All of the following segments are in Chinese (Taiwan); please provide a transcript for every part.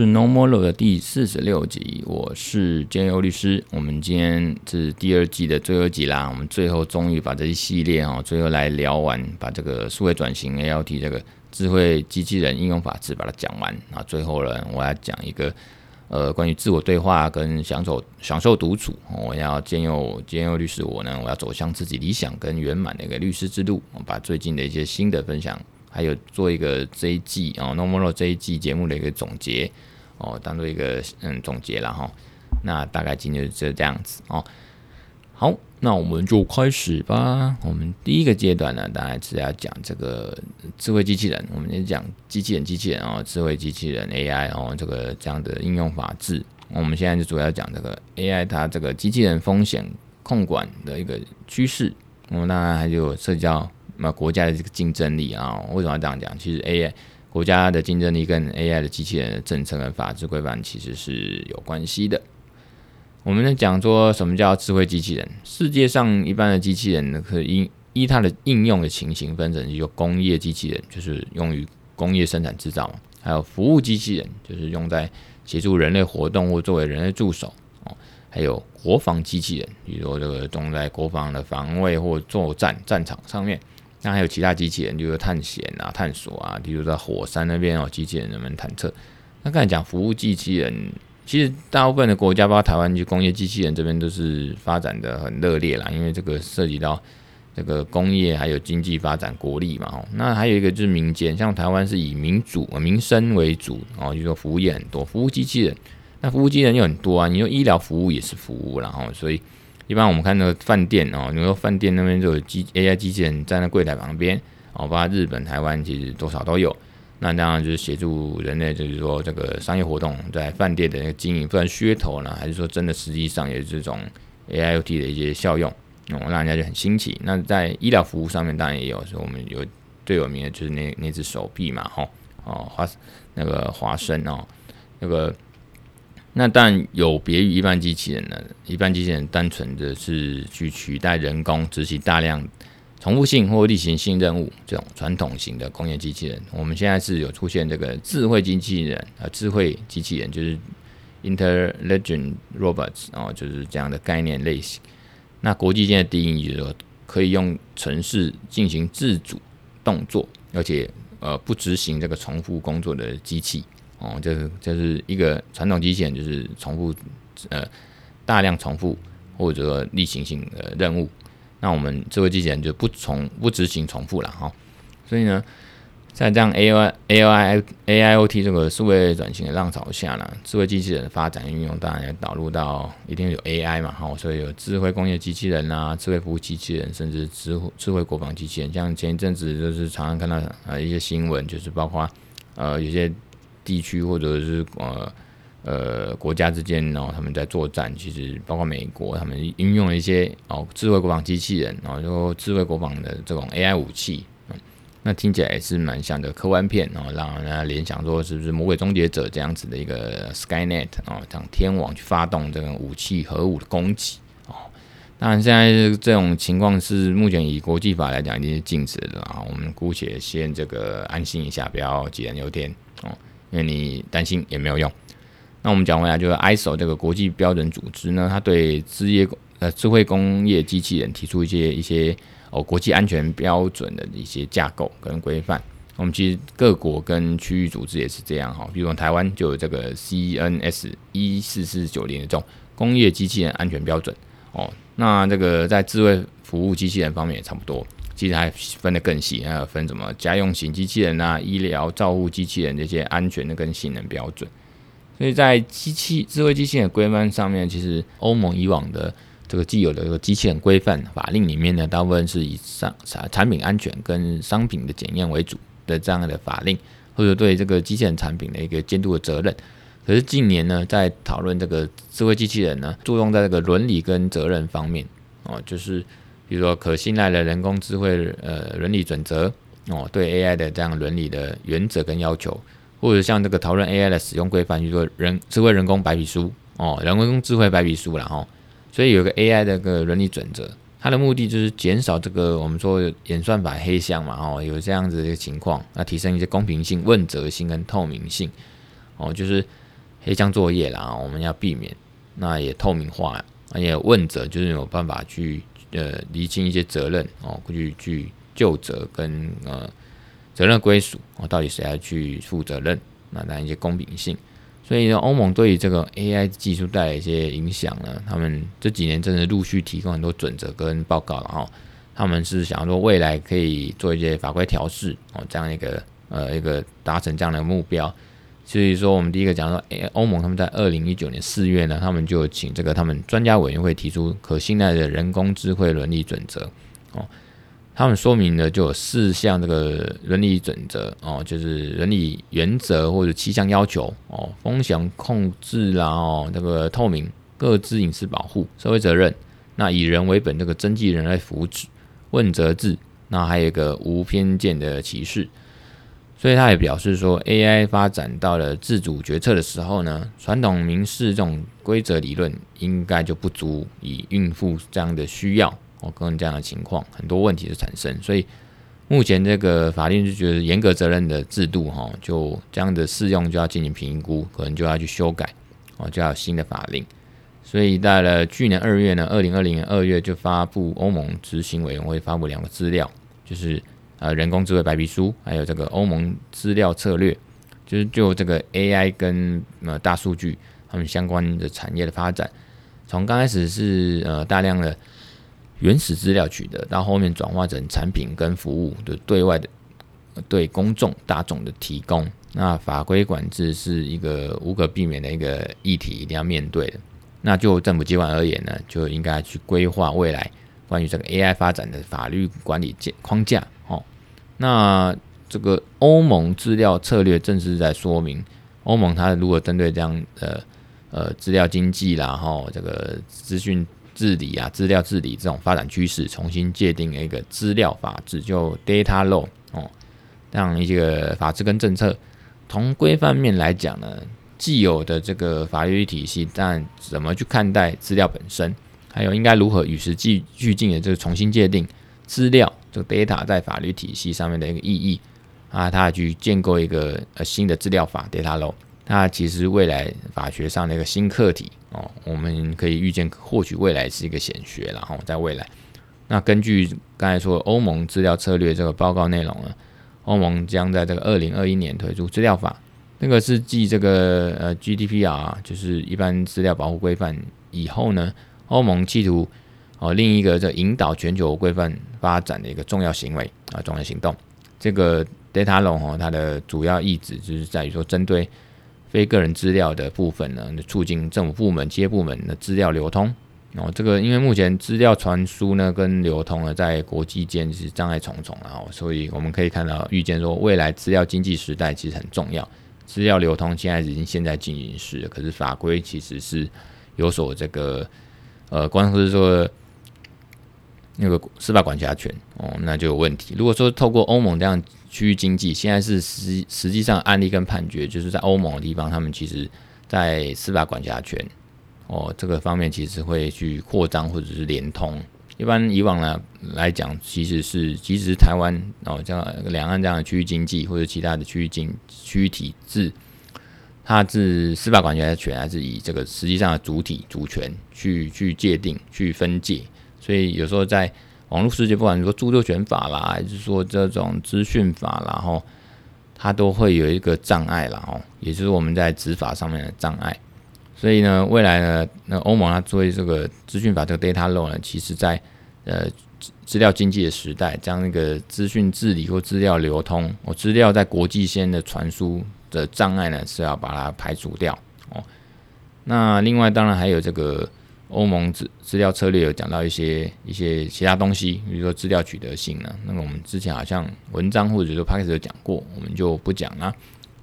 是 No More Law 的第四十六集，我是兼佑律師。我們今天是第二季的最後集啦，我們最後終於把這一系列哦，最後來聊完，把這個數位轉型 ALT 這個智慧機器人應用法制把它講完。那最後呢，我要講一個呃，關於自我對話跟享受享受獨處。我要兼佑兼佑律師，我呢，我要走向自己理想跟圓滿的一個律師之路，我把最近的一些心得分享。還有做一個這一季哦，normal 這一季節目的一個總結哦，當做一個嗯總結了哈。那大概今天就這樣子哦。好，那我們就開始吧。我們第一個階段呢，當然是要講這個智慧機器人。我們也講機器人，機器人哦，智慧機器人 AI 哦，這個這樣的應用法制。我們現在就主要講這個 AI 它這個機器人風險控管的一個趨勢。我們當然還有涉及到。那國家的這個競爭力啊、哦，為什麼要這樣講？其實 AI 國家的競爭力跟 AI 的機器人的政策和法制規範其實是有關係的。我們呢講說什麼叫智慧機器人？世界上一般的機器人呢，可依依它的應用的情形分成有工業機器人，就是用於工業生產制造，還有服務機器人，就是用在協助人類活動或作為人類助手，哦、還有國防機器人，比如說這個用在國防的防衛或作戰戰場上面。那還有其他機器人，就是探險啊、探索啊，比如在火山那邊哦，機器人能不能探測？那剛才講服務機器人，其實大部分的國家，包括台灣，就工業機器人這邊都是發展的很熱烈啦，因為這個涉及到這個工業還有經濟發展國力嘛。哦，那還有一個就是民間，像台灣是以民主啊、民生為主哦，就是說服務業很多，服務機器人，那服務機器人又很多啊。你用醫療服務也是服務啦，然後所以。一般我們看那個飯店哦，你說飯店那邊就有機 AI 機器人站在櫃檯旁邊哦，包括日本、台灣其實多少都有。那當然就是協助人類，就是說這個商業活動在飯店的經營，不然噱頭呢，還是說真的實際上也是這種 AIOT 的一些效用，那、哦、讓人家就很新奇。那在醫療服務上面，當然也有，所以我們有最有名的就是那那隻手臂嘛，吼哦華那個華生哦那個。那但有別於一般機器人呢？一般機器人單純的是去取代人工執行大量重複性或例行性任務，這種傳統型的工業機器人。我們現在是有出現這個智慧機器人啊，智慧機器人就是 intelligent robots 啊、哦，就是這樣的概念類型。那國際間的定義就是說，可以用程式進行自主動作，而且呃不執行這個重複工作的機器。哦，就是就是一個傳統機器人，就是重複呃大量重複或者例行性的任務，那我們智慧機器人就不重不執行重複了哈、哦。所以呢，在這樣 A I A I A I O T 這個數位轉型的浪潮下呢，智慧機器人的發展應用當然要導入到一定有 A I 嘛哈、哦，所以有智慧工業機器人啊，智慧服務機器人，甚至智慧智慧國防機器人。像前一陣子就是常常看到呃一些新聞，就是包括呃有些。地區或者是呃呃國家之間，然後、哦、他們在作戰，其實包括美國，他們應用了一些哦智慧國防機器人，然後、哦、智慧國防的這種 AI 武器，嗯、那聽起來也是蠻像的科幻片，然後、哦、讓人家聯想說是不是魔鬼終結者這樣子的一個 SkyNet 啊、哦，這樣天網去發動這種武器核武的攻擊、哦、當然，現在這種情況是目前以國際法來講已經是禁止的啊、哦。我們姑且先這個安心一下，不要杞人憂天哦。因為你擔心也沒有用。那我們講回來，就是 ISO 這個國際標準組織呢，它對職業呃智慧工業機器人提出一些一些哦國際安全標準的一些架構跟規範。我們其實各國跟區域組織也是這樣哈，哦，比如說台灣就有這個 CNS 14490的這種工業機器人安全標準哦。那這個在智慧服務機器人方面也差不多。其實還分得更細，還有分什麼家用型機器人、啊、醫療照護機器人這些安全的跟性能標準。所以在機器、智慧機器人規範上面，其實歐盟以往的這個既有的一個機器人規範法令裡面呢，大部分是以產品安全跟商品的檢驗為主的這樣的法令，或者對這個機器人產品的一個監督的責任。可是近年呢，在討論這個智慧機器人呢，注重在這個倫理跟責任方面哦，就是。比如說可信賴的人工智慧呃倫理準則哦，對 AI 的這樣倫理的原則跟要求，或者像這個討論 AI 的使用規範，就是說人智慧人工白皮書哦，人工智慧白皮書啦、哦。所以有個 AI 的個倫理準則，它的目的就是減少這個我們說演算法黑箱嘛哦，有這樣子一個情況，那提升一些公平性、問責性跟透明性哦，就是黑箱作業啦，我們要避免，那也透明化，而且問責就是有辦法去。呃，釐清一些責任哦，去去就責跟呃責任歸屬、哦、到底誰要去負責任？那談一些公平性。所以呢，歐盟對於這個 AI 技術帶來一些影響呢，他們這幾年真的陸續提供很多準則跟報告了哈、哦。他們是想要說未來可以做一些法規調適哦，這樣一個呃一個達成這樣的目標。所以說，我們第一個講說，欸、歐盟他們在二零一九年四月呢，他們就請這個他們專家委員會提出可信賴的人工智慧倫理準則哦。他們說明了就有四項這個倫理準則哦，就是倫理原則或者七項要求哦，風險控制啦哦，那、這個透明、各自隱私保護、社會責任、那以人為本、這個增進人類福祉，問責制，那還有一個無偏見的歧視。所以他也表示說，AI 發展到了自主決策的時候呢，傳統民事這種規則理論應該就不足以應付這樣的需要哦，跟這樣的情況，很多問題就產生。所以目前這個法令就覺得嚴格責任的制度哈，就這樣的適用就要進行評估，可能就要去修改哦，就要新的法令。所以到了去年二月呢，二零二零年二月就發布歐盟執行委員會發布兩個資料，就是。呃，人工智慧白皮書，還有這個歐盟資料策略，就是就這個 AI 跟呃大數據他們相關的產業的發展，從剛開始是呃大量的原始資料取得，到後面轉化成產品跟服務的、就是、對外的對公眾大眾的提供，那法規管制是一個無可避免的一個議題，一定要面對的。那就政府機關而言呢，就應該去規劃未來關於這個 AI 發展的法律管理架框架。那這個歐盟資料策略正是在說明歐盟它如何針對這樣的呃資料經濟啦，然後這個資訊治理啊，資料治理這種發展趨勢，重新界定一個資料法制，就 Data Law 哦，這樣一個法制跟政策，從規範面來講呢，既有的這個法律體系，但怎麼去看待資料本身，還有應該如何與時俱進的這個重新界定資料。這個 data 在法律體系上面的一個意義啊，它去建構一個呃新的資料法 data law 它、啊、其實未來法學上的一個新課題哦，我們可以預見，或許未來是一個顯學，然後、哦、在未來，那根據剛才說歐盟資料策略這個報告內容呢，歐盟將在這個二零二一年推出資料法，那個是繼這個呃 GDPR、啊、就是一般資料保護規範以後呢，歐盟企圖。哦，另一個這引導全球規範發展的一個重要行為啊，重要行動。這個 Data Law，哦，它的主要意旨就是在於說，針對非個人資料的部分呢，促進政府部門、企業部門的資料流通。哦，這個因為目前資料傳輸呢跟流通呢，在國際間是障礙重重，然後，所以我們可以看到，預見說未來資料經濟時代其實很重要。資料流通現在已經現在進行式，可是法規其實是有所這個呃，官方是說。那個司法管轄權哦，那就有問題。如果說透過歐盟這樣區域經濟，現在是實實際上案例跟判決，就是在歐盟的地方，他們其實在司法管轄權哦這個方面其實會去擴張或者是連通。一般以往呢來講，其實是即使台灣哦這樣兩岸這樣的區域經濟或者其他的區域經區域體制，它是司法管轄權還是以這個實際上的主體主權去去界定去分界？所以有時候在網絡世界，不管你說著作權法啦，還是說這種資訊法，然後它都會有一個障礙啦，哦，也就是我們在執法上面的障礙。所以呢，未來呢，那歐盟它作為這個資訊法這個 Data Law 呢，其實在呃資料經濟的時代，將那個資訊治理或資料流通，哦，資料在國際間的傳輸的障礙呢，是要把它排除掉。哦，那另外當然還有這個。歐盟資資料策略有講到一些一些其他東西，比如說資料取得性呢、啊。那個、我們之前好像文章或者說 PPT 有講過，我們就不講了、啊。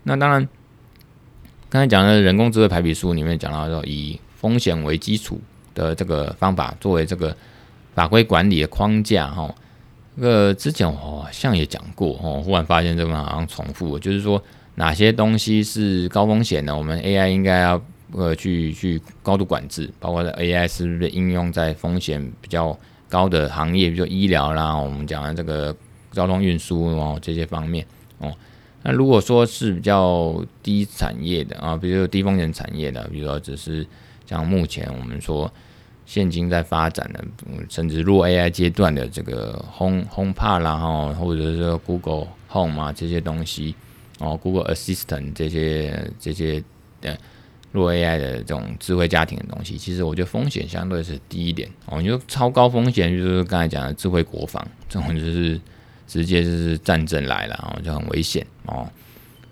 那當然，剛才講的《人工智慧白皮書》裡面講到說，以風險為基礎的這個方法作為這個法規管理的框架哈。那個之前我好像也講過哦，忽然發現這邊好像重複了，就是說哪些東西是高風險的，我們 AI 應該要。呃，去去高度管制，包括在 AI 是不是應用在風險比較高的行業，比如說醫療啦，我們講的這個交通運輸哦這些方面哦。那如果說是比較低產業的啊、哦，比如說低風險產業的，比如說只是像目前我們說現今在發展的，嗯、甚至弱 AI 階段的這個 Home HomePod 啦，哦，或者是 Google Home 啊，這些東西哦，Google Assistant 這些這些的。弱 AI 的這種智慧家庭的東西，其實我覺得風險相對是低一點哦。我覺得超高風險，就是剛才講的智慧國防這種，就是直接就是戰爭來了哦，就很危險哦。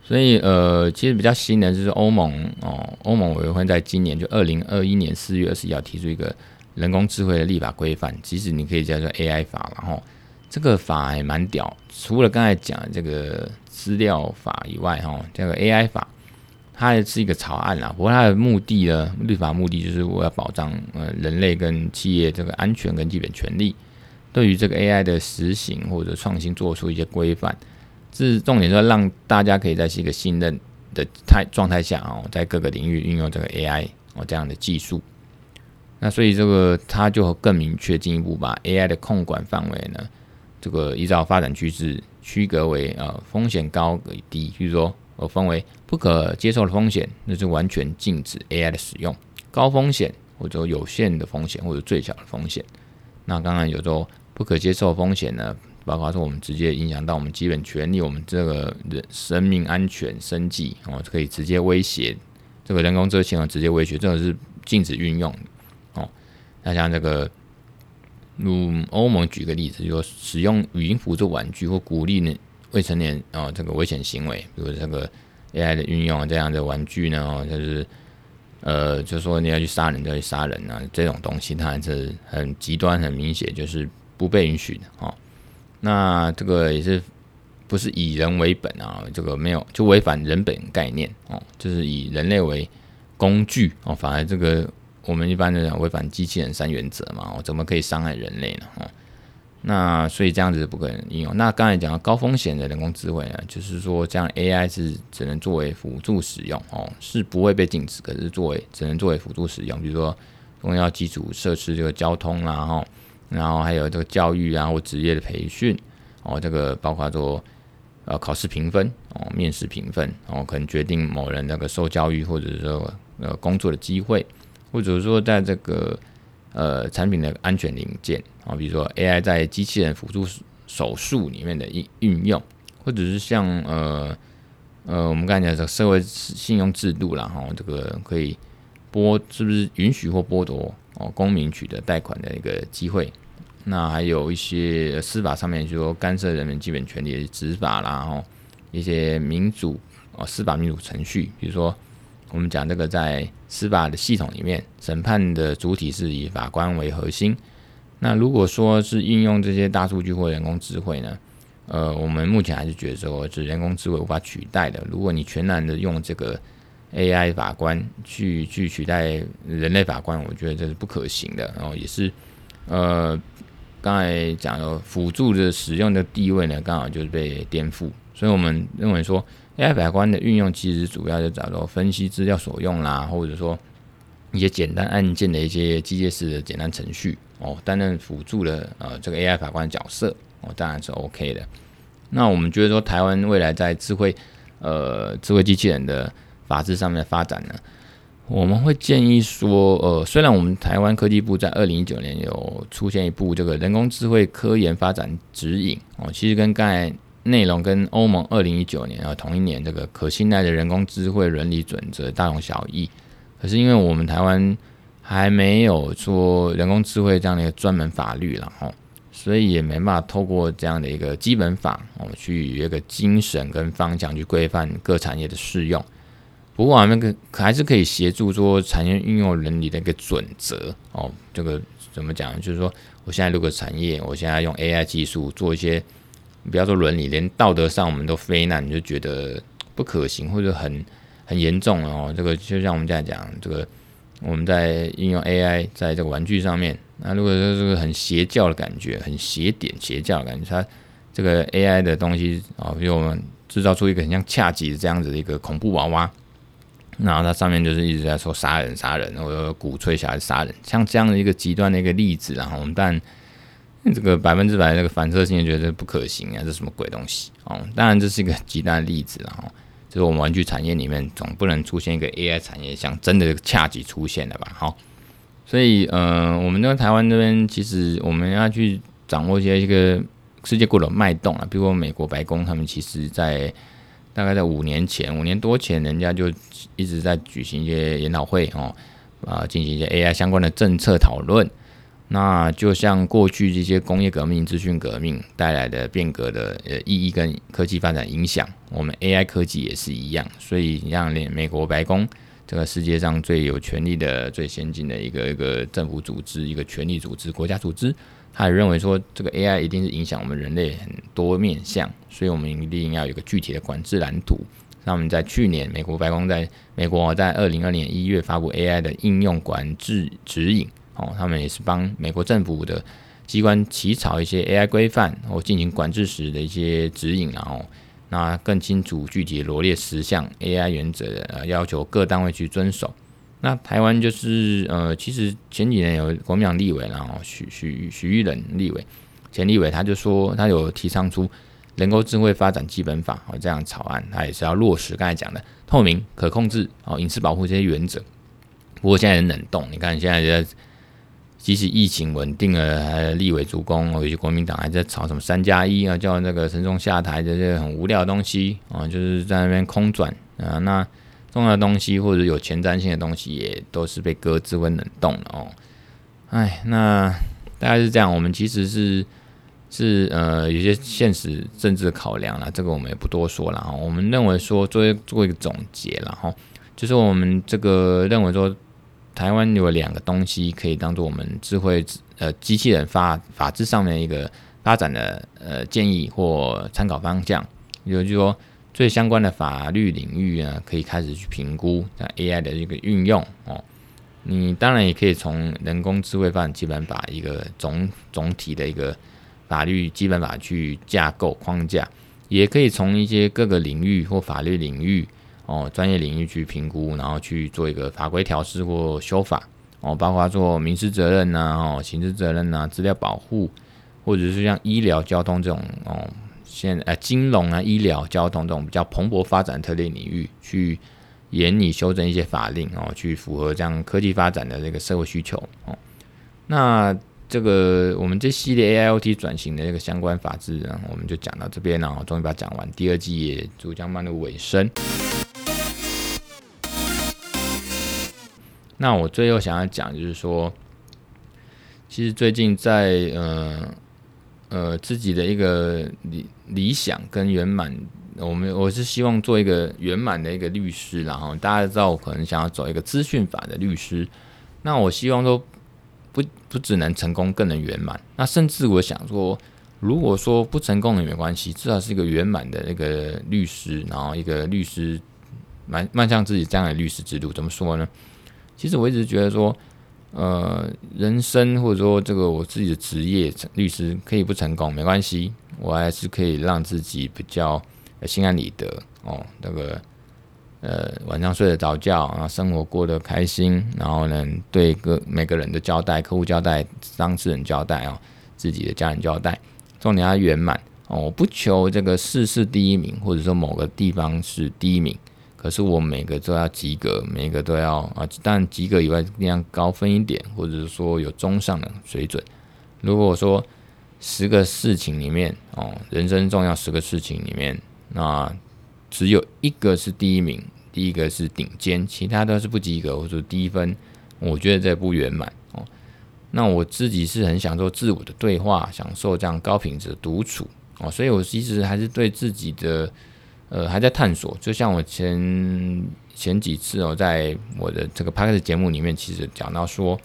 所以呃，其實比較新的就是歐盟哦，歐盟委員會在今年就二零二一年四月二十一號提出一個人工智慧的立法規範，其實你可以叫做 AI 法，然後、哦、這個法還蠻屌，除了剛才講的這個資料法以外哈，這、哦、個 AI 法。它是一個草案啦，啊，不過它的目的呢，立法的目的就是為了保障呃人類跟企業這個安全跟基本權利，對於這個 AI 的實行或者創新做出一些規範，這重點，說讓大家可以在一個信任的態狀態下哦，在各個領域運用這個 AI 哦這樣的技術，那所以這個它就更明確進一步把 AI 的控管範圍呢，這個依照發展趨勢區隔為呃風險高與低，就是說。我分為不可接受的風險，那、就是完全禁止 AI 的使用；高風險或者有限的風險，或者最小的風險。那剛剛有說不可接受的風險呢，包括說我們直接影響到我們基本權利，我們這個人生命安全生、生計哦，可以直接威脅這個人工智慧行直接威脅，這個是禁止運用哦、喔。那像這個，嗯，歐盟舉個例子，就是使用語音輔助玩具或鼓勵呢？未成年哦，這個危險行為，比如這個 AI 的運用這樣的玩具呢，哦、就是呃，就說你要去殺人就去殺人啊，這種東西它還是很極端、很明顯，就是不被允許的哦。那這個也是不是以人為本啊、哦？這個沒有就違反人本概念哦，就是以人類為工具哦，反而這個我們一般來講違反機器人三原則嘛，我、哦、怎麼可以傷害人類呢？哦那所以這樣子不可能應用。那剛才講高風險的人工智慧呢，就是說這樣 AI 是只能作為輔助使用哦，是不會被禁止，可是作為只能作為輔助使用，比如說重要基礎設施這個交通啦，啊，然後，哦，然後還有這個教育啊或職業的培訓哦，這個包括做呃考試評分哦，面試評分，然後，哦，可能決定某人那個受教育或者是說呃工作的機會，或者是說在這個呃產品的安全零件。啊，比如說 AI 在機器人輔助手術裡面的運運用，或者是像呃呃，我們剛才講的社會信用制度啦，然後這個可以剝是不是允許或剝奪哦公民取得貸款的一個機會？那還有一些司法上面，就是說干涉人民基本權利的執法啦，然後一些民主哦司法民主程序，比如說我們講這個在司法的系統裡面，審判的主體是以法官為核心。那如果說是應用這些大數據或人工智慧呢？呃，我們目前還是覺得說，是人工智慧無法取代的。如果你全然的用這個 AI 法官去去取代人類法官，我覺得這是不可行的。然後也是，呃，剛才講的輔助的使用的地位呢，剛好就是被顛覆。所以我們認為說，AI 法官的運用其實主要就找到分析資料所用啦，或者說一些簡單案件的一些機械式的簡單程序。哦，擔任輔助的呃，這個 AI 法官角色，哦，當然是 OK 的。那我們覺得說，台灣未來在智慧呃，智慧機器人的法制上面的發展呢，我們會建議說，呃，雖然我們台灣科技部在二零一九年有出現一部這個人工智慧科研發展指引哦，其實跟剛才內容跟歐盟二零一九年啊、哦、同一年這個可信賴的人工智慧倫理準則大同小異，可是因為我們台灣，還沒有說人工智慧這樣的一個專門法律，了哦，所以也沒辦法透過這樣的一個基本法，哦，去一個精神跟方向去規範各產業的適用。不過我們可可還是可以協助說產業運用倫理的一個準則哦。這個怎麼講？就是說，我現在如果產業，我現在用 AI 技術做一些，不要說倫理，連道德上我們都非難你就覺得不可行或者很很嚴重哦。這個就像我們現在講這個。我們在應用 AI 在這個玩具上面，那如果說這個很邪教的感覺，很邪典邪教的感覺，它這個 AI 的東西，哦，比如我們製造出一個很像恰吉這樣子的一個恐怖娃娃，然後它上面就是一直在說殺人殺人，或者鼓吹小孩殺人，像這樣的一個極端的一個例子，啊，我們但這個百分之百那個反射性也覺得不可行啊，這什麼鬼東西哦？當然這是一個極端的例子，然、啊就我們玩具產業裡面，總不能出現一個 AI 產業像真的恰吉出現了吧？好，所以，嗯、呃，我們在台灣這邊，其實我們要去掌握一些一個世界各種脈動啊。比如說美國白宮，他們其實在大概在五年前、五年多前，人家就一直在舉行一些研討會哦，啊，進行一些 AI 相關的政策討論。那就像過去這些工業革命、資訊革命帶來的變革的呃意義跟科技發展影響，我們 AI 科技也是一樣。所以，你像連美國白宮這個世界上最有權力的、最先進的一個一個政府組織、一個權力組織、國家組織，他也認為說這個 AI 一定是影響我們人類很多面向，所以我們一定要有一個具體的管制藍圖。那我們在去年，美國白宮在美國在二零二零年一月發布 AI 的應用管制指引。哦，他們也是幫美國政府的機關起草一些 AI 規範，或進行管制時的一些指引。然後，那更清楚具體羅列十項 AI 原則，呃，要求各單位去遵守。那台灣就是，呃，其實前幾年有國民黨立委，然後許許許毓仁立委、前立委，他就說他有提倡出《人工智慧發展基本法》這樣草案，他也是要落實剛才講的透明、可控制、隱私保護這些原則。不過現在很冷凍，你看你現在在。即使疫情穩定了，還立委主攻、哦，有些國民黨還在吵什麼“三加一”啊，叫那個陳忠下台，這些很無聊的東西啊，就是在那邊空轉啊。那重要的東西或者有前瞻性的東西，也都是被擱置或冷凍了哦。哎，那大概是這樣。我們其實是是呃，有些現實政治考量，了，這個我們也不多說了啊。我們認為說，作為，作為一個總結了哈，就是我們這個認為說。台灣有兩個東西可以當做我們智慧呃機器人法法制上面一個發展的呃建議或參考方向，也就是說最相關的法律領域呢，可以開始去評估在 AI 的一個運用哦。你當然也可以從人工智慧法基本法一個總總體的一個法律基本法去架構框架，也可以從一些各個領域或法律領域。哦，專業領域去評估，然後去做一個法規調適或修法，哦，包括做民事責任吶、啊，哦，刑事責任吶、啊，資料保護，或者是像醫療、交通這種哦，現呃金融啊、醫療、交通這種比較蓬勃發展的特定領域，去研擬修正一些法令，哦，去符合這樣科技發展的這個社會需求。哦，那這個我們這系列 AIOT 轉型的這個相關法制，我們就講到這邊，然後終於把它講完，第二季也就將邁入尾聲。那我最後想要講，就是說，其實最近在呃呃自己的一個理理想跟圓滿，我們我是希望做一個圓滿的一個律師，然後大家知道我可能想要走一個資訊法的律師，那我希望說不不只能成功，更能圓滿。那甚至我想說，如果說不成功也沒關係，至少是一個圓滿的那個律師，然後一個律師蠻邁向自己這樣的律師之路，怎麼說呢？其實我一直覺得說，呃，人生或者說這個我自己的職業，律師可以不成功沒關係，我還是可以讓自己比較心安理得哦。那個、這個，呃，晚上睡得着，着覺，然後生活過得開心，然後呢，對個每個人的交代，客戶交代，當事人交代哦，自己的家人交代，重點要圓滿哦。我不求這個事事第一名，或者說某個地方是第一名。可是我每個都要及格，每個都要啊！但及格以外，盡量高分一點，或者是說有中上的水準。如果說十個事情裡面，哦，人生重要十個事情裡面，那，啊，只有一個是第一名，第一個是頂尖，其他都是不及格或者低分。我覺得這不圓滿哦。那我自己是很享受自我的對話，享受這樣高品質的獨處哦。所以我其實還是對自己的。呃，還在探索。就像我前前幾次哦，在我的這個 podcast 節目裡面，其實講到說，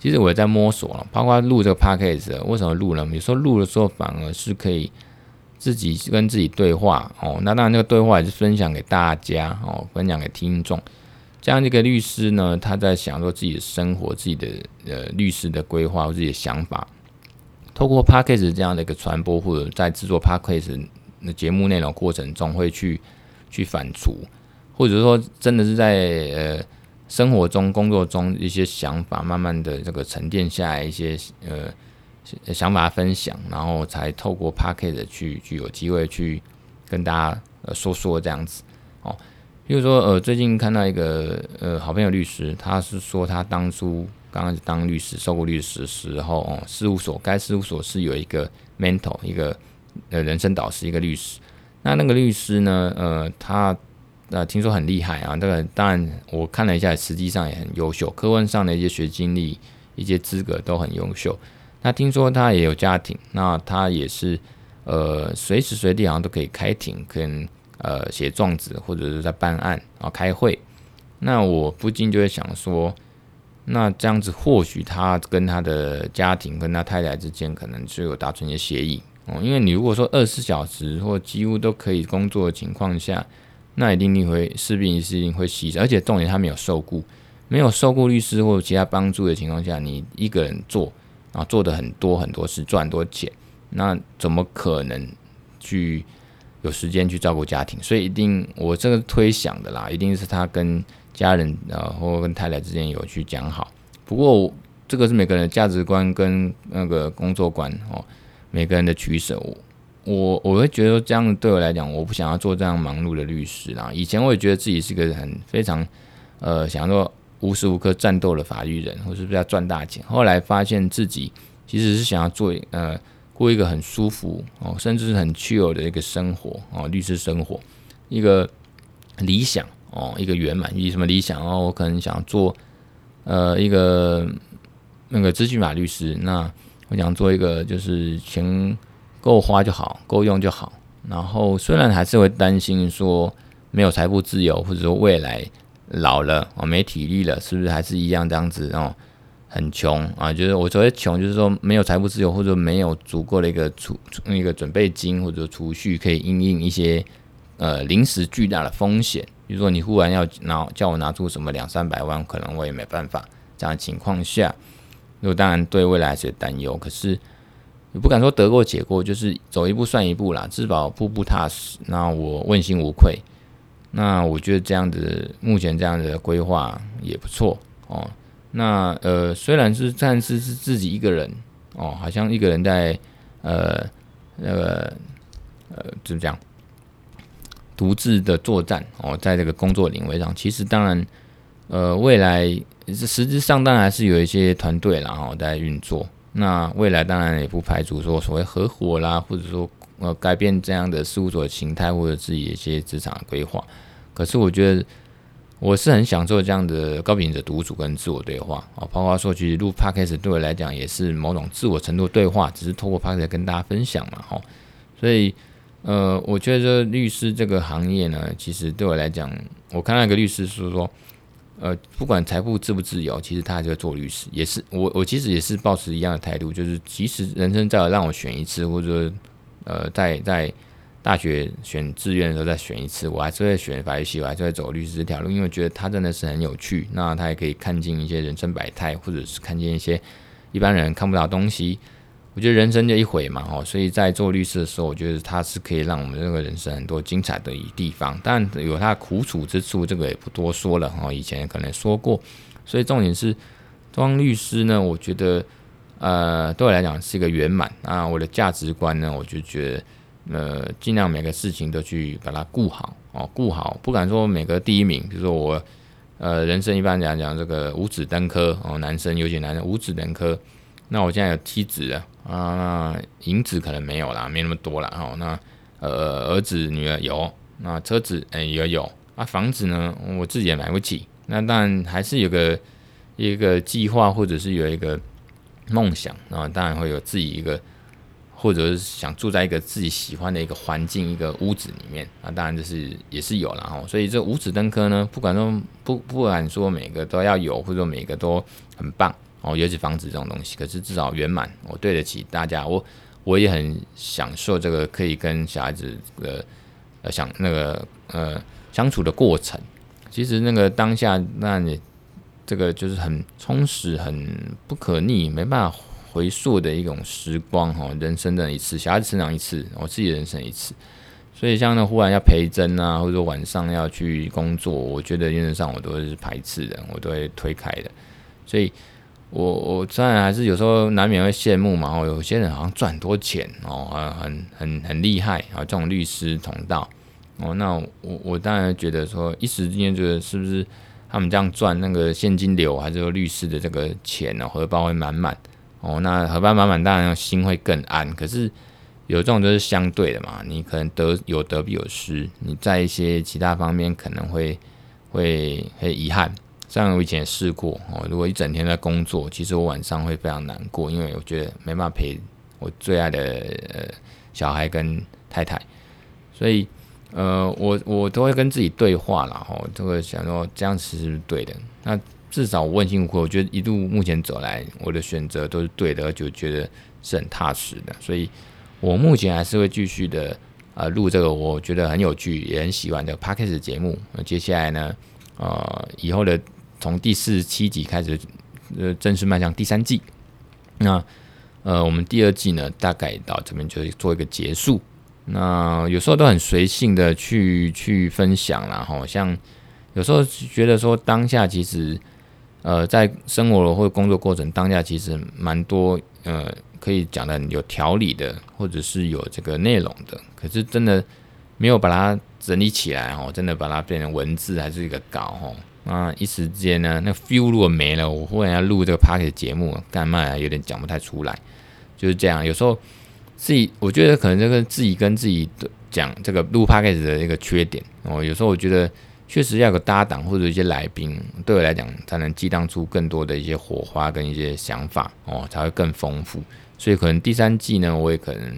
其實我也在摸索了。包括錄這個 podcast，為什麼錄呢？有時候錄的時候，反而是可以自己跟自己對話哦。那當然，那個對話也是分享給大家哦，分享給聽眾。這樣這個律師呢，他在想說自己的生活、自己的呃律師的規劃或自己的想法，透過 podcast 這樣的一個傳播，或者在制作 podcast 節目內容的過程中，會去去反芻，或者說真的是在呃生活中、工作中一些想法慢慢的這個沉澱下來，一些呃想法分享，然後才透過 Podcast 的去去有機會去跟大家、呃、說說這樣子哦。比如說呃最近看到一個呃好朋友律師，他是說他當初剛開始當律師、受僱律師的時候哦，事務所該事務所是有一個 mental 一個。呃，人生導師一個律師，那那個律師呢？呃，他呃，聽說很厲害啊。這個當然，我看了一下，實際上也很優秀。科班上的一些學經歷、一些資格都很優秀。那聽說他也有家庭，那他也是呃，隨時隨地好像都可以開庭，跟呃寫狀子或者是在辦案啊開會。那我不禁就會想說，那這樣子或許他跟他的家庭跟他太太之間可能就有達成一些協議。哦，因為你如果說二十四小時或幾乎都可以工作的情況下，那一定你會勢必是一定會犧牲，而且重點他沒有受雇，沒有受雇律師或者其他幫助的情況下，你一個人做，然後、啊、做的很多很多事，賺很多錢，那怎麼可能去有時間去照顧家庭？所以一定我這個推想的啦，一定是他跟家人啊、呃，或跟太太之間有去講好。不過這個是每個人的價值觀跟那個工作觀哦。每個人的取捨，我我會覺得這樣，對我來講，我不想要做這樣忙碌的律師啦。以前我也覺得自己是個很非常，呃，想要做無時無刻戰鬥的法律人，我是不是要賺大錢？後來發現自己其實是想要做，呃，過一個很舒服哦，甚至是很 chill 的一個生活哦，律師生活一個理想哦，一個圓滿。以什麼理想哦？我可能想要做呃一個那個資訊法律師那。我想做一個，就是錢夠花就好，夠用就好。然後雖然還是會擔心說沒有財富自由，或者說未來老了啊、哦、沒體力了，是不是還是一樣這樣子哦？很窮啊，就是我所謂窮，就是說沒有財富自由，或者說沒有足夠的一個儲那個準備金或者儲蓄，可以因應一些呃臨時巨大的風險。比如說你忽然要拿叫我拿出什麼兩三百萬，可能我也沒辦法。這樣的情況下。我當然對未來是有擔憂，可是也不敢說得過且過，就是走一步算一步啦，自保步步踏實，那我問心無愧。那我覺得這樣子，目前這樣子的規劃也不錯哦。那呃，雖然是暫時是，是自己一個人哦，好像一個人在呃那呃呃，怎、那個呃、這樣獨自的作戰哦，在這個工作領域上，其實當然呃，未來。其實實質上當然還是有一些團隊然後在運作，那未來當然也不排除說所謂合夥啦，或者說呃改變這樣的事務所形態或者自己一些職場規劃。可是我覺得我是很享受這樣的高頻者獨處跟自我對話哦。包括說去錄 podcast 對我來講也是某種自我程度對話，只是透過 podcast 跟大家分享嘛吼、哦。所以呃，我覺得律師這個行業呢，其實對我來講，我看到一個律師是說。呃，不管財富自不自由，其實他還是做律師，也是我我其實也是抱持一樣的態度，就是即使人生再讓我選一次，或者說呃在在大學選志願的時候再選一次，我還是會選法律系，我還是會走律師這條路，因為我覺得他真的是很有趣，那他也可以看盡一些人生百態，或者是看見一些一般人看不到東西。我覺得人生就一回嘛，吼，所以在做律師的時候，我覺得他是可以讓我們這個人生很多精彩的地方，但有他的苦楚之處，這個也不多說了，吼，以前可能說過。所以重點是，當律師呢，我覺得，呃，對我來講是一個圓滿啊。我的價值觀呢，我就覺得，呃，盡量每個事情都去把它顧好，哦，顧好，不敢說每個第一名，比如說我，呃，人生一般講講這個五子登科，哦，男生尤其男生，五子登科，那我現在有妻子了啊。啊，銀子可能沒有啦，沒那麼多了哦。那呃，兒子女兒有，那車子哎、也、欸、有。那、啊、房子呢，我自己也買不起。那當然還是有個一個計劃，或者是有一個夢想啊，那當然會有自己一個，或者是想住在一個自己喜歡的一個環境、一個屋子裡面啊。那當然就是也是有了哦。所以這五子登科呢，不管說不，不管說每個都要有，或者每個都很棒。哦，尤其是房子這種東西，可是至少圓滿，我對得起大家。我我也很享受這個可以跟小孩子呃呃，想那個呃相處的過程。其實那個當下，那你這個就是很充實、很不可逆、沒辦法回溯的一種時光哈、哦。人生的一次，小孩子成長一次，我自己人生一次。所以像呢，忽然要陪診啊，或者說晚上要去工作，我覺得原則上我都是排斥的，我都會推開的。所以。我我當然還是有時候難免會羨慕嘛，哦，有些人好像賺很多錢哦，很很很很厲害啊，這種律師同道哦，那我我當然覺得說，一時之間覺得是不是他們這樣賺那個現金流，還是說律師的這個錢哦，荷包會滿滿哦，那荷包滿滿當然心會更安，可是有這種就是相對的嘛，你可能得有得必有失，你在一些其他方面可能會會很遺憾。但我以前試過哦。如果一整天在工作，其實我晚上會非常難過，因為我覺得沒辦法陪我最愛的小孩跟太太。所以呃，我我都會跟自己對話啦哦，都會想說這樣子是，是對的。那至少我問心無愧。我覺得一路目前走來，我的選擇都是對的，就覺得是很踏實的。所以，我目前還是會繼續的呃錄這個我覺得很有趣也很喜歡的 Podcast 節目。那接下來呢？呃，以後的。從第四十七集開始，呃，正式邁向第三季。那呃，我們第二季呢，大概到這邊就做一個結束。那有時候都很隨性的去去分享啦，好像有時候覺得說當下其實呃，在生活或工作過程當下，其實蠻多呃可以講的很有條理的，或者是有這個內容的，可是真的沒有把它整理起來哈，真的把它變成文字還是一個稿哈。啊，一時間呢，那 feel 如果沒了，我忽然要錄這個 podcast 節目，幹嘛啊？有點講不太出來，就是這樣。有時候自己，我覺得可能這個自己跟自己講這個錄 podcast 的一個缺點哦。有時候我覺得確實要有個搭檔或者一些來賓，對我來講才能激盪出更多的一些火花跟一些想法哦，才會更豐富。所以可能第三季呢，我也可能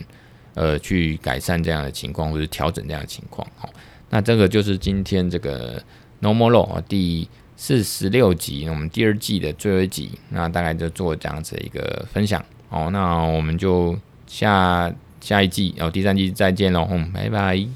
呃去改善這樣的情況，或者調整這樣的情況哦。那這個就是今天這個。No More Love 第四十六集，我們第二季的最後一集，那大概就做這樣子一個分享哦。那我們就下下一季，然後，哦，第三季再見嘍，嗯，拜拜。